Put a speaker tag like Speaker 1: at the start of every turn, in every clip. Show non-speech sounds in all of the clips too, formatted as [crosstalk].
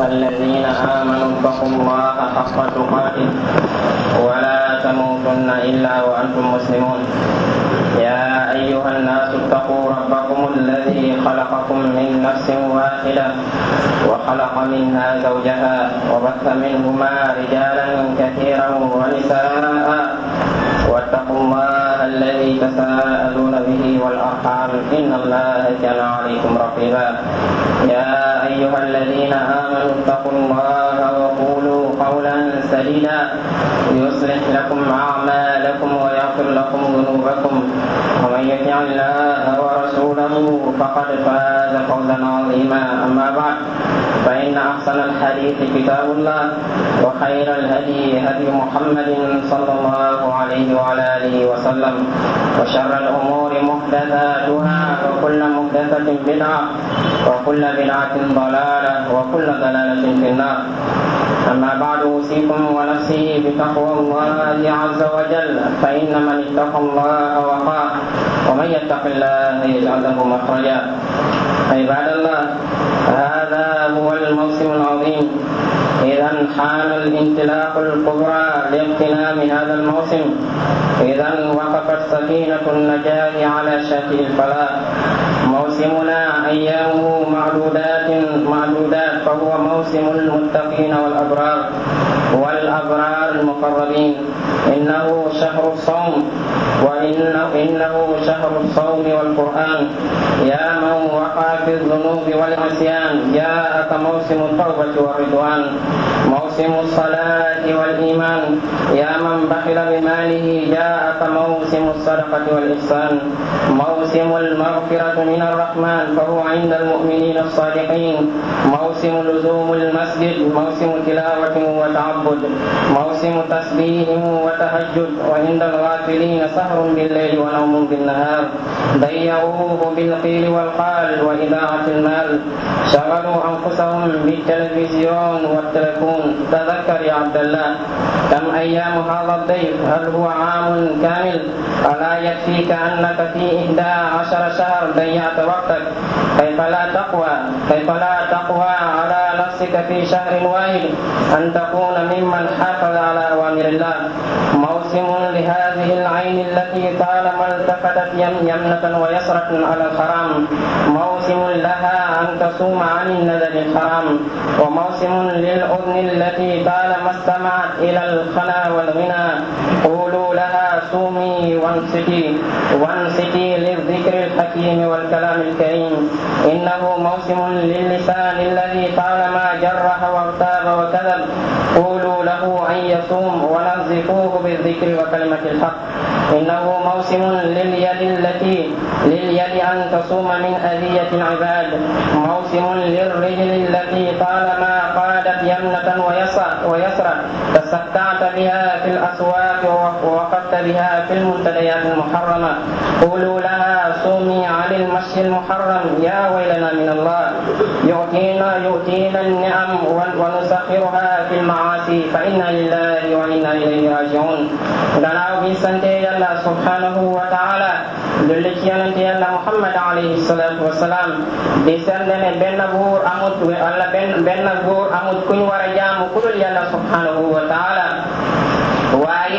Speaker 1: ايها الذين امنوا اتقوا الله حق تقاته ولا تموتن الا وانتم مسلمون يا ايها الناس اتقوا ربكم الذي خلقكم من نفس واحده وخلق منها زوجها وبث منهما رجالا كثيرا ونساء واتقوا الله الذي تساءلون به والارحام ان الله كان عليكم رقيبا يا أيها الذين آمنوا اتقوا الله وقولوا قولا سديدا يصلح لكم أعمالكم ويغفر لكم ذنوبكم ومن يطع الله ورسوله فقد فاز فاز قولا عظيما اما بعد فان احسن الحديث كتاب الله وخير الهدي هدي محمد صلى الله عليه وعلى اله وسلم وشر الامور محدثاتها وكل محدثه بدعه وكل بدعه ضلاله وكل ضلاله في النار أما بعد أوصيكم ونفسي بتقوى الله عز وجل فإن من اتقى الله وقاه ومن يتق الله يجعل له مخرجا عباد الله هذا هو الموسم العظيم إذا حان الانطلاق الكبرى لاغتنام هذا الموسم إذا وقفت سفينة النجاة على شاكل الفلاح موسمنا أيامه معدودات معدودات فهو موسم المتقين والأبرار والأبرار المقربين إنه شهر الصوم وإنه إنه شهر الصوم والقرآن يا من وقع في الذنوب والعصيان جاءك موسم التوبة والرضوان موسم الصلاة والإيمان يا من بخل بماله جاءك موسم الصدقة والإحسان موسم المغفرة من الرحمن فهو عند المؤمنين الصادقين موسم لزوم المسجد موسم تلاوة وتعبد موسم تسبيح وتهجد وعند الغافلين سهر بالليل ونوم بالنهار ضيعوه بالقيل والقال وإذاعة المال شغلوا أنفسهم بالتلفزيون والتلفون تذكر يا عبد الله كم أيام هذا الضيف هل هو عام كامل ألا يكفيك أنك في إحدى عشر شهر ضيعت وقتك كيف لا تقوى كيف لا تقوى على نفسك في شهر واحد أن تكون ممن حافظ على أوامر الله موسم لهذه العين التي طالما التفتت يمنة ويسرة على الحرام موسم لها أن تصوم عن النذر الحرام وموسم للأذن التي طالما استمعت إلى الخنا والغنى قولوا لها صومي وانصتي وانصتي الحكيم والكلام الكريم إنه موسم للسان الذي طالما جرح وارتاب وكذب قولوا له أن يصوم ونظفوه بالذكر وكلمة الحق إنه موسم لليد التي لليد أن تصوم من أذية العباد موسم للرجل التي طالما قادت يمنة ويسرى تسكعت بها في الأسواق الصلاه ووقفت بها في المنتديات المحرمة قولوا لها صومي عن المسجد المحرم يا ويلنا من الله يؤتينا يؤتينا النعم ونسخرها في المعاصي فإنا لله وإنا إليه راجعون دعنا سنتي الله سبحانه وتعالى julli ci yonente yàlla muhammad alayhi salatu wasalaam di seetle ne benn buur amut wala benn benn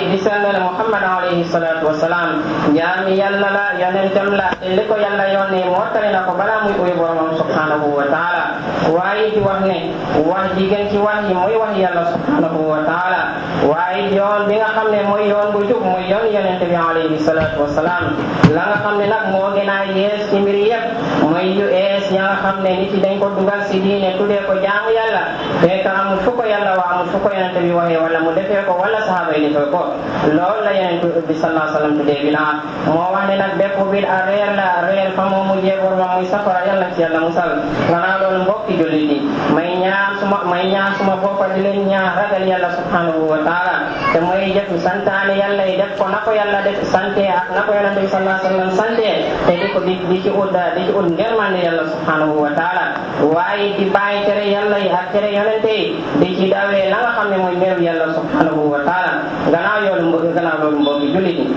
Speaker 1: di sellal Muhammad alayhi salaatu wa salaam jaami yàlla la yonentam la te li ko yàlla yónnee mottali na ko balaa muy uyu boromam subhanahu wa taala waaye di wax ne wax ji gën ci wax yi mooy wax yàlla subhanahu wa taala waaye yoon bi nga xam ne mooy yoon bu jub mooy yoon yonente bi alayhi salaatu wa salaam la nga xam ne nag moo gën a yees ci mbir yëpp mooy yu ees ya nga xam ne nit yi dañ ko dugal si diine tuddee ko jaamu yàlla fekk amul fu ko yàlla wa amul fu ko yonente bi waxee wala mu defee ko wala sahaaba yi defee ko loolu la yonent bi sallallahu alayhi wa sallam tuddee bilan moo wax ne nag bépp bi a reer la reer fa moo mujjee bor ma muy safara yàlla ci yàlla musal ganaa loolu mbokki jullit yi may ñaan suma may ñaan suma boppa di leen ñaan ragal yàlla subhanahu wa taala te mooy jëf santaane yàlla yi def ko na ko yàlla def sante ak na ko yonent bi sallallahu alayhi wa sallam sante te di ko di di ci ut di ci ut ngermande yàlla subhanahu wa taala waaye di bàyyi tere yàlla yi ak tere yonente yi di ci dawee la nga xam ne mooy meew yàlla subhanahu wa taala ganaaw loolu mbëgg gannaaw loolu mbokk jullit ñi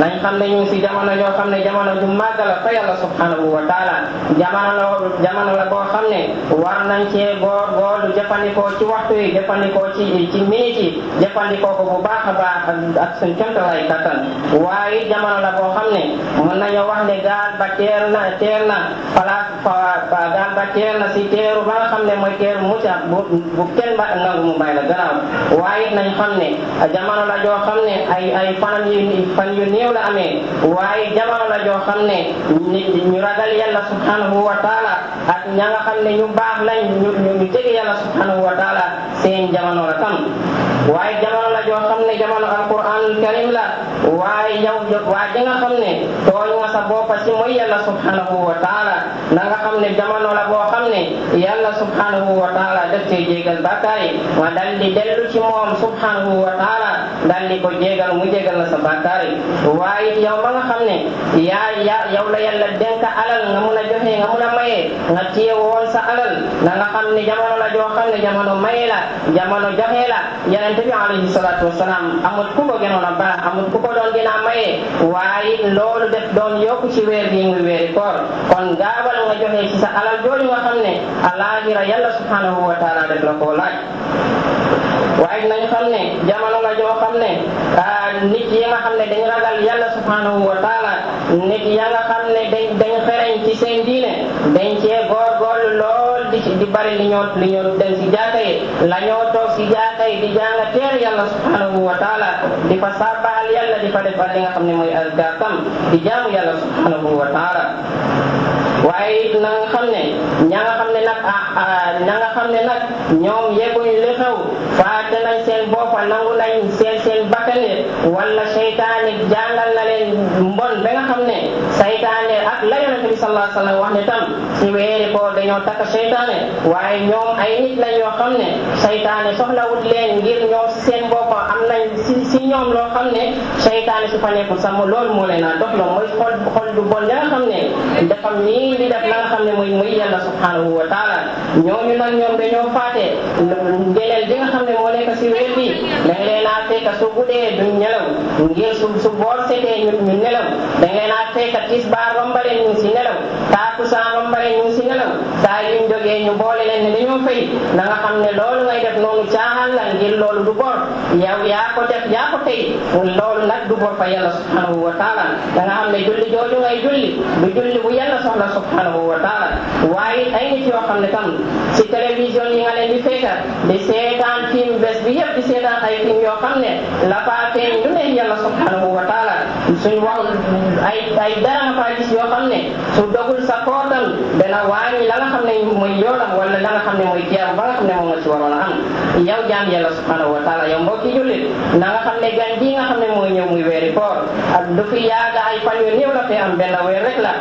Speaker 1: nañ jamono yoo xam ne jamono ju la fa yàlla wa taala jamono la jamono la boo ne war loolu jëfandikoo ci waxtu yi jëfandikoo ci ci minute yi jëfandikoo ko bu baax a baax ak suñ kemtalaay kattan waaye jamono la boo xam ne mën nañoo wax ne gaal ba teer na teer na place gaal ba teer na si teeru ba nga xam ne mooy teeru mucc bu bu kenn ba nangu mu bàyyi la gannaaw waaye nañ xam ne jamono la joo xam ne ay ay fanam yu fan yu néew la amee waaye jamono la joo xam ne ñu ragal yàlla subhanahu wa taala ak ña nga xam ne ñu baax lañ ñu ñu yàlla subhanahu wa taala seen jamono la tam waaye jamono la joo xam ne jamono alquranul karim la waaye yow waa ji nga xam ne tooñ nga sa boppa ci mooy yàlla subhanahu wa taala na nga xam ne jamono la yàlla subhanahu wa taala daf koy jégal bàkkaar yi ma dal di dellu ci moom subhanahu wa taala ko jégal mu jégal la sa bàkkaar yi waaye yow ma nga xam ne yaa ya yow la yàlla dénka alal nga mun a joxe nga mun a maye nga téye woon sa alal na nga xam ne jamono la joo xam ne jamono maye la jamono joxe la yonente bi alayhi salaatu wasalaam amul a baax ku ko doon gën a maye waaye loolu def doon yokku ci weer gi muy weeri koor kon gaabal nga joxe ci sa alal jooju alaaxira yàlla subhanahu wa taala def la koo nañ xam ne jamono la joo xam ne ah, nit yi nga xam ne dañ ragal yàlla subhanahu wa taala nit xam ne dañ dañ xereñ ci seen diine dañ cee góor bari li ñoo li ñoo dem si jàkka yi si jàkka di jàng teer yàlla subhanahu wa taala di fa sàbbaal yàlla di fa defal nga xam ne mooy alkaakam di jaamu yàlla subhanahu wa waaye na ah, ah, nga xam ne nag ñoom yegguñu li xew faate nañ seen boppa nangu nañ seen seen bakkan wala seytaane jàngal na leen mbon ba nga xam ne bi sallallahu alayhi wa sallam wax ne tam ci weeri koor dañoo takk seytaane waaye ñoom ay nit lañ yoo xam ne seytaane soxlawut leen ngir ñoom seen bopp am nañ si si ñoom loo xam ne seytaane su fa nekkul sax loolu moo leen naa dox la mooy xol xol du bon la nga xam ne dafa nii di def la nga xam ne mooy muy yàlla subhanahu wa taala ñooñu nag ñoom dañoo faate geneel bi nga xam ne moo nekk si weer dañ leen a fekk su guddee duñ nelaw ngir su su boor setee ñu ñu nelaw dañ leen a fekk tisbaar ba mbare ñu ngi si nelaw taakusaan ba mbare ñu ngi si nelaw saa yuñ jógee ñu boole leen ne dañoo fay na nga xam ne loolu ngay def noonu caaxaan la ngir loolu du bor yow yaa ko def yaa ko tey loolu nag du bor fa yàlla subhanahu wa taala da nga xam ne julli jooju ngay julli du julli bu yàlla soxla subhanahu wa waaye ay nit yoo xam ne tam si télévision ay tim yoo xam ne la faa feeñ lu neex yàlla subhanahu wa taala suñ wax ay ay dara nga faa gis yoo xam ne su dogul sa kootam dana wàññi la nga xam ne mooy yoolam wala la nga xam ne mooy jeer ba nga xam ne moom nga ci waroon a am yow jaam yàlla subhanahu wa taala yow mbokki jullit na nga xam ne gan gi nga xam ne mooy ñëw muy weeri koor ak du fi yaaga ay fan yu la fee am benn weer rek la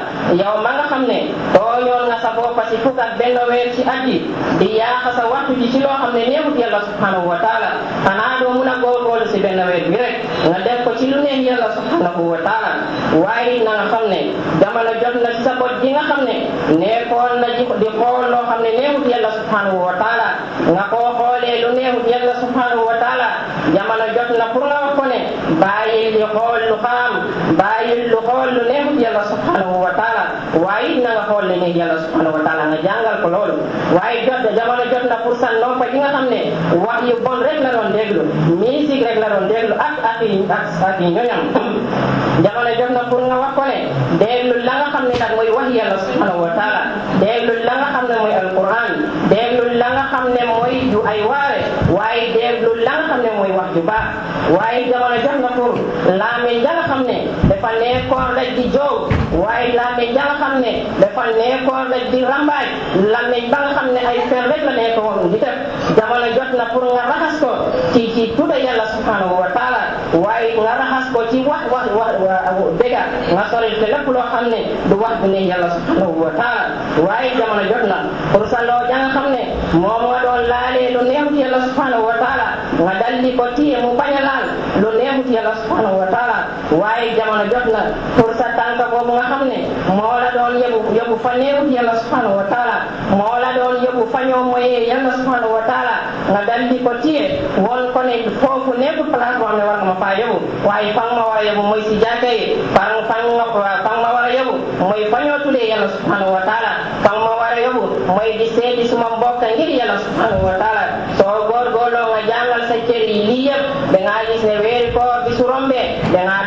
Speaker 1: yow ma nga xam ne tooñoon nga sa boppa si fukk ak weer ci at yi di yaaxa sa waxtu ji ci loo xam ne néewut yàlla subhanahu wa taala xanaa doo mun a góorgóorlu si benn weer bi rek nga def ko ci lu neen yàlla subhanahu wa waaye na nga xam ne jamono jot na sa bot ji nga xam ne nekkoon na di xool loo xam ne neexut yàlla subhanahu wa taala nga koo xoolee lu neexut yàlla subhanahu wa taala jamono jot na pour nga wax ko ne xool lu xaam bàyyil lu xool lu neexut yàlla subhanahu wa taala waaye it na nga xool li ngay yàlla subhanahu wa taala nga jàngal ko waaye jot na jot na pour sa noppa yi nga ne wax yu bon rek la doon déglu musique rek la doon déglu ak ak yi ak ak yi ñoñam jamono jot na pour nga wax ko ne déglu la nga xam ne nag mooy wax yàlla subhanahu wa taala déglu la nga la nga xam ne mooy du ay waare waaye déglu la nga xam ne mooy wax ju baax waaye jamono jot na pour laa mi nga xam ne dafa nekkoon rek di jóg waaye làmmeñ ya nga xam ne dafa nekkoon rek di rambaaj làmmeñ ba nga xam ne ay fer rek la nekkoon di def jamono jot na pour nga raxas ko ci ci tudda yàlla subhanahu wa taala waaye nga raxas ko ci wax wax wax dega nga soril te lépp loo xam ne du wax bu ne yàlla subhanahu wa taala waaye jamono jot na pour sa loo ja nga xam ne moom nga doon laalee lu neexut yàlla subhanahu wa taala nga dalli ko tiye mu bañ a laal lu neexut yàlla subhanahu wa taala waaye jamono jot na pour sa tànk boobu nga xam ne la doon yebu yebu fa néewut yàlla subhanahu wa taala moo la doon yebu fa ñoo moyee yàlla subhanahu wa taala nga dal di ko tiye woon ko ne foofu nekk place boo xam ne war nga ma faa yóbbu waaye fan ma war a yóbbu mooy si jàkka yi fan fan nga fan ma war a yóbbu mooy fa ñoo subhanahu wa taala fan ma war a yóbbu di seeti suma mbokk ngir yàlla subhanahu wa taala soo góorgóorloo nga jàngal sa cër yi lii da ngaa gis ne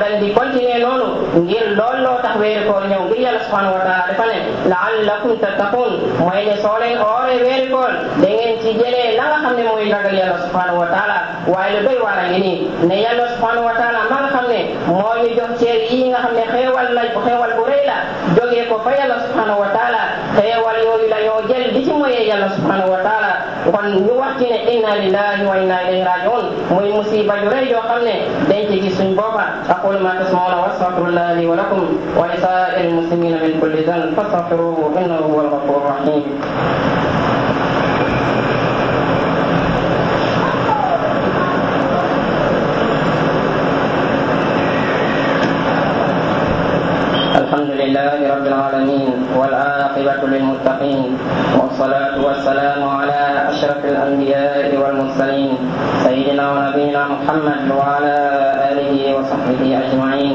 Speaker 1: dal di noonu ngir lool loo tax weeri koor ñëw ngir yàlla subhanahu wa taala dafa ne laallakum tattaqun mooy ne soo leen ooree weeri koor ngeen ci jëlee la nga xam ne mooy ragal yàlla subhanahu wa taala waaye doy waar a ngi nii ne yàlla subhanahu wa taala ma nga xam ne moo ñu jox ceer ko fa yàlla subhanahu wa taala xeewal yooyu la ñoo jël di ci moyee yàlla subhanahu wa taala kon ñu wax ci ne inna lillahi wa inna ilayhi rajiun muy musiba yu rëy yoo xam ne dañ ci gis suñ boppa aqulu ma tasmauna wa astaghfirullah li wa lakum wa li saa'iril muslimina min kulli dhanbin fastaghfiruhu innahu huwal ghafurur rahim لله رب العالمين والعاقبة للمتقين والصلاة والسلام على أشرف الأنبياء والمرسلين سيدنا ونبينا محمد وعلى آله وصحبه أجمعين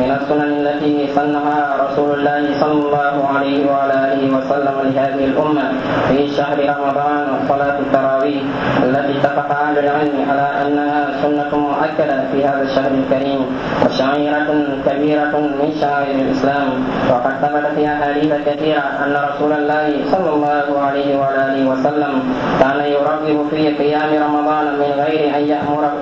Speaker 1: من السنن التي سنها رسول الله صلى الله عليه وعلى آله وسلم لهذه الأمة في شهر رمضان صلاة التراويح التي اتفق أهل العلم على أنها سنة مؤكدة في هذا الشهر الكريم وشعيرة كبيرة من شعائر الإسلام وقد ثبت في أحاديث كثيرة أن رسول الله صلى الله عليه وعلى آله وسلم كان يرغب في قيام رمضان من غير أن يأمره,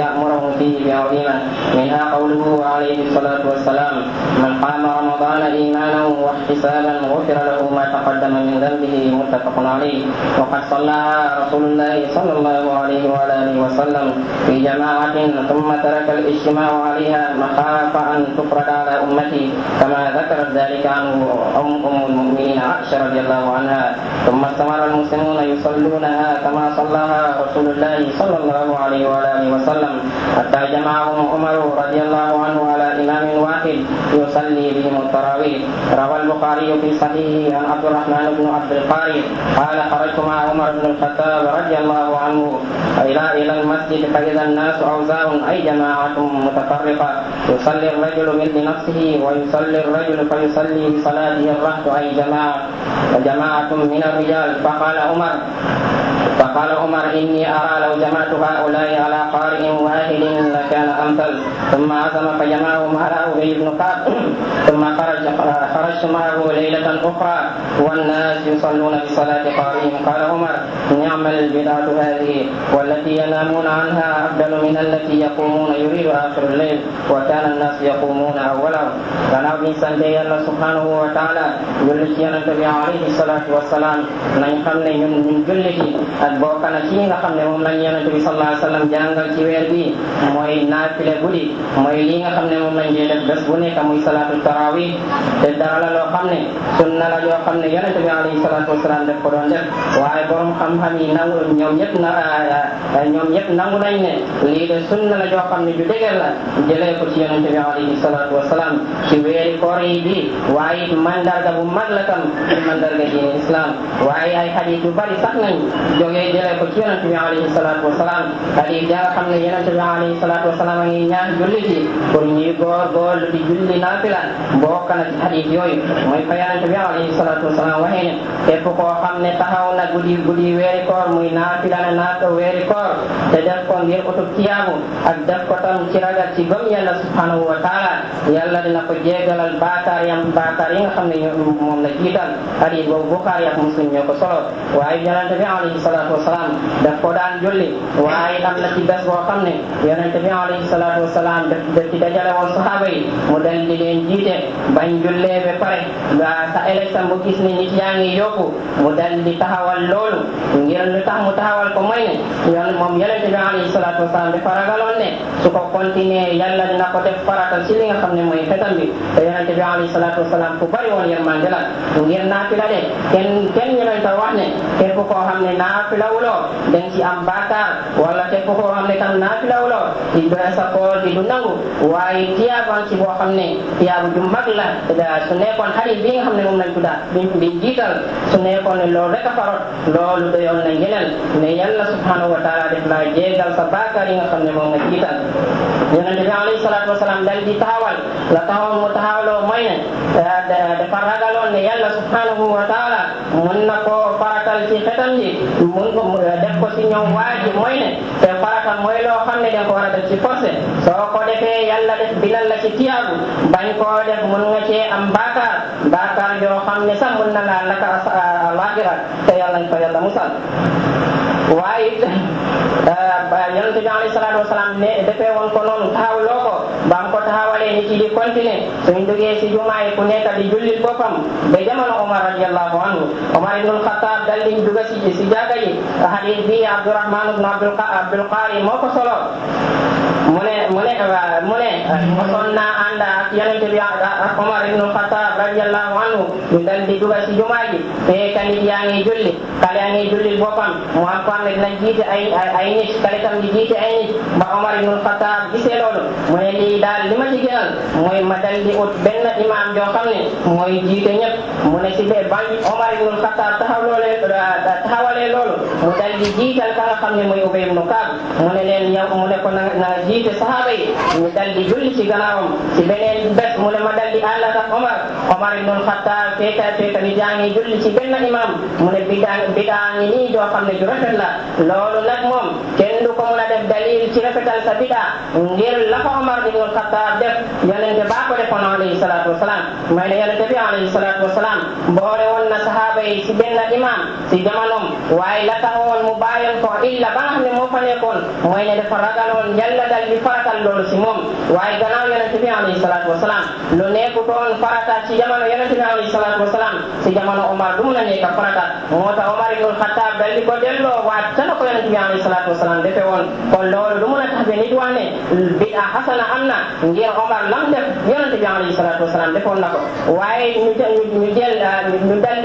Speaker 1: يأمره فيه عظيما منها قوله عليه الصلاة والسلام من قام رمضان إيمانا واحتسابا غفر له ما تقدم من ذنبه متفق عليه وقد صلى رسول الله صلى الله عليه وعلى آله وسلم في جماعة ثم ترك الاجتماع عليها مخافة أن تفرد على أمته كما ذكرت ذلك عنه أم أم المؤمنين عائشة رضي الله عنها ثم استمر المسلمون يصلونها كما صلاها رسول الله صلى الله عليه وعلى آله وسلم حتى جمع معهم عمر رضي الله عنه على إمام واحد يصلي بهم التراويح روى البخاري في صحيحه عن عبد الرحمن بن عبد القاري قال خرجت مع عمر بن الخطاب رضي الله عنه إلى إلى المسجد فإذا الناس أوزاع أي جماعة متفرقة يصلي الرجل من لنفسه ويصلي الرجل فيصلي بصلاته الرهط أي جماعة جماعة من الرجال فقال عمر فقال عمر إني أرى لو جمعت هؤلاء على قارئ واحد لكان أمثل ثم عزم فجمعهم على أبي بن كعب [clears throat] ثم خرج خرجت معه ليلة أخرى والناس يصلون بصلاة قارئهم قال عمر نعم البدعة هذه والتي ينامون عنها أفضل من التي يقومون يريد آخر الليل وكان الناس يقومون اولهم كان ابن سندي الله سبحانه وتعالى يلجي النبي عليه الصلاة والسلام نعم، من قبل من جله bokk na ci nga xam ne moom lañ yonente bi sallallahu alayhi wa sallam jàngal ci weer bi mooy naafile guddi mooy lii nga xam ne moom lañ jee def bés bu nekk muy salaatu tarawih te dara la loo xam ne sunna la yoo xam ne yonente bi alayhi salaatu wasalaam def ko doon def waaye borom xam-xam yi nangu ñoom ñëpp na ah, ñoom ñëpp nangu nañ ne lii de sunna la yoo xam ne ju dëgër la jëlee ko ci yonente bi alayhi salaatu wasalaam ci weeri koor yi bi waaye it mandarga bu mag la tam ci mandarga diine islam waaye ay xadiis yu bari sax nañ jóge ಇದರ ಬಗ್ಗೆ ನಬಿ ಅಲಿ ಸಲಾತ್ ವಸಲಾಂ tadi dia xam ne yonent bi alayhi salatu wasalam a ngi ñaan julli di julli naafila bokk na ci hadith yooyu mooy fa yonent bi alayhi salatu wasalam waxee ne képp koo xam ne taxaw na guddi guddi weeri koor muy naafila na naata weeri koor te def ko ngir utub ak def ko tam ci ya ci gëm yàlla subhanahu wa taala dina ko yam yi nga la muslim ñoo solo waaye yonent bi alayhi salatu salaatu wasalaam daf ko julli waaye am na ci bés boo xam ya ne yonente alayhi salaatu wasalaam daf ci dajale mu dal di leen jiite bañ jullee ba pare ba sa élection bu gis ni nit mu dal di taxawal loolu ngir lu tax mu taxawal ko mooy ne yoon moom yonente bi alayhi salaatu wasalaam dafa ragaloon ne su ko continuer yàlla dina ko def farata ci li nga bi te yonente bi alayhi salaatu wasalaam ku bari woon yërmande ngir naafila de kenn kenn ñu lay wax ne lawlo den si am bakkaar wala te ko xam ne tam naa fi lawlo di ba sa koor di du nangu waaye tiyaaban ci boo xam ne tiyaabu ju mag la su nekkoon xarit bi nga xam ne moom lañ tuddaa duñ ko di jiital su nekkoon ne loolu rek a farot loolu doyoon na ngeneel ne yàlla subhanahu wa taala def laa jéegal sa bakkaar yi nga xam ne moom nga jiital yonente bi alayhi salatu wasalam dal di taxawal la taxaw mu taxawloo mooy ne dafa ragaloon ne yàlla subhanahu wa taala mun na koo faratal ci xetam yi mun ngëmb la def ko ci ñoom waajib mooy ne te farata mooy loo xam da ko war def ci forcé soo ko defee yàlla def bilal la ci tiyaabu bañ koo def mun nga cee am baakaar baakaar yoo xam ne mun na te musal ne ko boole nit yi di continuer suñ duggee si jumaa yi ku nekk di jullil boppam ba jamono Omar radiyallahu anhu Omar ibnul Khattab dal liñ dugg si si jaga yi hadis bi Abdurrahman ibn Abdul Qari moo ko solo mu ne mu ne eh, na ne mosoon naa ànd ak yonente bi ak ah, Omar ah, ah, ibnu Xataab radiallahu anhu ñu eh, dal di dugal si jumaa ji te kanit yaa ngi julli kale yaa ngi jullil boppam mu am ko ne dina jiite ay ay nit kale tam di jiite ay nit ba Omar ibnu Xataab gisee loolu mu ne lii daal ci ñaan mooy ma dal di ut benn imaam joo xam ne mooy jiite ñëpp mu ne ci bee bañ Omar ibn Khattab taxaw loolee taxawalee loolu mu dal di jiital ka nga xam ne mooy Ubay ibn Kaab mu ne leen yow ne ko na nga jiite saxaaba yi ñu dal di julli ci gannaawam beneen mulai madali allah tak omar omar ibnul khattab feta feta mi jangi julli ci benn imam mulai bidang bidang ini ngi nii joo xam ne ju rafet la loolu nag moom kenn du ko mun def dalil ci rafetal sa bidaa ngir la ko omar ibnul khattab def yonente baa ko defoon alayhi salatu wasalaam may ne yonente bi alayhi salatu wasalaam boore woon na sahaaba yi ci benn imam ci jamonom waaye la taxoon mu bàyyoon ko illa ba nga xam ne moo fa nekkoon mooy ne dafa ragaloon yàlla dal di faratal loolu ci moom waaye gannaaw yonente bi alayhi salatu wasalaam lu nekkutoon farata ci jamono yonente bi alayhi salaatu wasalaam si jamono Omar du mun a nekk moo tax Omar Xattaab dal di ko delloo waat ca ko yonente bi alayhi salaatu wasalaam defee woon kon loolu du mun a tax bidaa xasana am na ngir Omar lam def yonente bi alayhi waaye ñu ñu jël ñu dal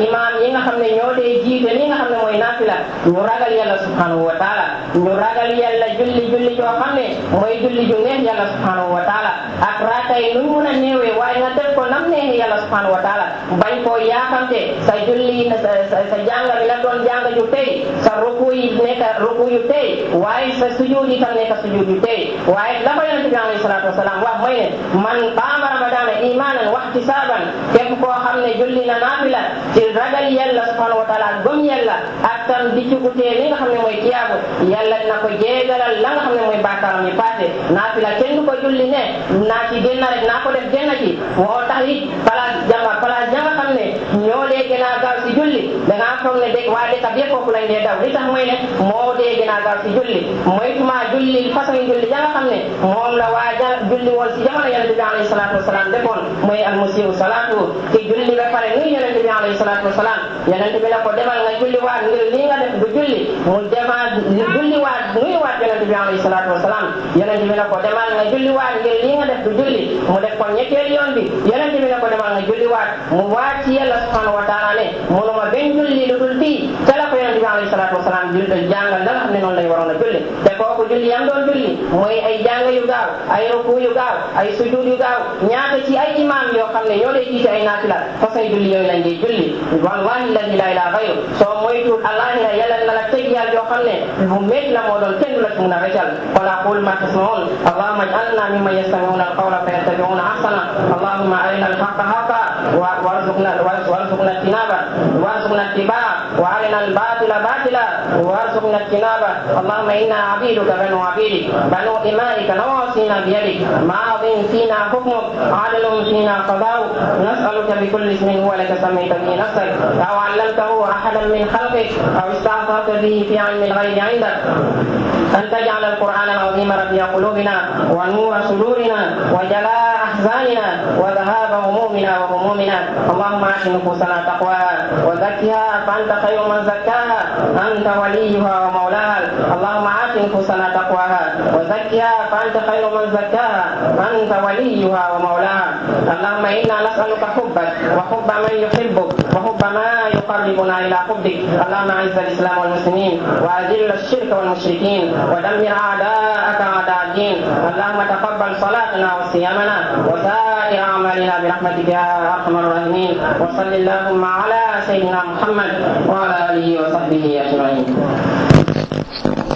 Speaker 1: imaam yi nga xam ne ñoo dee jiite li nga xam ne mooy naafila ñu ragal yàlla subhanahu wa taala ñu ragal yàlla julli julli joo xam ne mooy julli ju neex yàlla subhanahu ak raaka yi lu mun a néewee nga def ko nam neexi yàlla subhanahu wa taala bañ koo yaakamte sa julli na sa sa jàng mi la ju tey sa ruku yi nekk ruku yu sa sujud yi tam nekk sujud yu tey waaye la ko yonente bi alayhi salaatu wasalaam wax amana imanan wahtisaban képp koo xam ne julli na naafila ci ragal yàlla subhanahu wa taala ak gëm yàlla ak tam xam ne mooy tiyaabu yàlla na ko jéegalal la xam ne mooy bàkkaaram yi naafila kenn ko julli ne naa ci génn rek naa ko def génn ci moo tax jama xam ne ñoo dee gën a gaaw si julli da ngaa foog ne de waa dëkk bi yëpp foofu lañ dee daw li tax mooy ne moo dee gën a gaaw si julli mooy tuma julli façon julli ya nga xam ne moom la waa ja julli woon si jamono yonente bi alayhi salaatu wasalaam defoon mooy almusiu salaatu te julli ba pare nuyu yonente bi alayhi salaatu wasalaam yonent bi ne ko demal nga julliwaat ngir lii nga def du julli mu demaat julliwaat nuyuwaat yonent bi alayhi salaatu wasalaam yonent bi ne ko demal nga julliwaat ngir lii nga def du julli mu def ko ñetteel yoon bi yonent bi ne ko demal nga julliwaat mu waat ci yàlla subhanahu wa taala ne munuma benn julli lu dul bii ca la ko yonent bi alayhi salaatu wasalaam julli jàngal la nga xam ne noonu lañ waroon a julli te kooku julli yam doon julli mooy ay jàng yu gaaw ay ruku yu gaaw ay sujud yu gaaw ñaata ci ay imaam yoo xam ne ñoo lay jiite ay naafila façon julli yooyu lañ di julli wallahi ilallahi la ilaha ghayru so moytul allah la yalla la tegal yo xamne bu met la mo dol kenn la ci mëna wétal wala qul ma tasmaun allahumma ij'alna mimma yastami'una al-qawla fayattabi'una ahsana allahumma arina al-haqqa haqqan warzuqna warzuqna tinaba warzuqna tibaa وارنا الباطل باطلا وارزقنا اجتنابه اللهم انا عبيدك بنو عبيدك بنو امائك نواصينا بيدك ماض فينا حكمك عدل فينا قضاؤك نسالك بكل اسم هو لك سميت به نفسك او علمته أحدا من خلقك أو استعصرت به في علم الغيب عندك أن تجعل القرآن العظيم ربيع قلوبنا ونور صدورنا وجلاء أحزاننا وذهاب وهمومنا وهمومنا اللهم اعف نفوسنا تقواها وزكها فأنت خير من زكاها أنت وليها ومولاها اللهم اعف نفوسنا تقواها وزكها فأنت خير من زكاها أنت وليها ومولاها اللهم إنا نسألك حبك وحب من يحبك وحب ما يقربنا إلى حبك اللهم أعز الإسلام والمسلمين وأذل الشرك والمشركين ودمر أعداءك أعداء الدين اللهم تقبل صلاتنا وصيامنا وسائر وسائر أعمالنا برحمتك يا أرحم الراحمين وصل اللهم على سيدنا محمد وعلى آله وصحبه أجمعين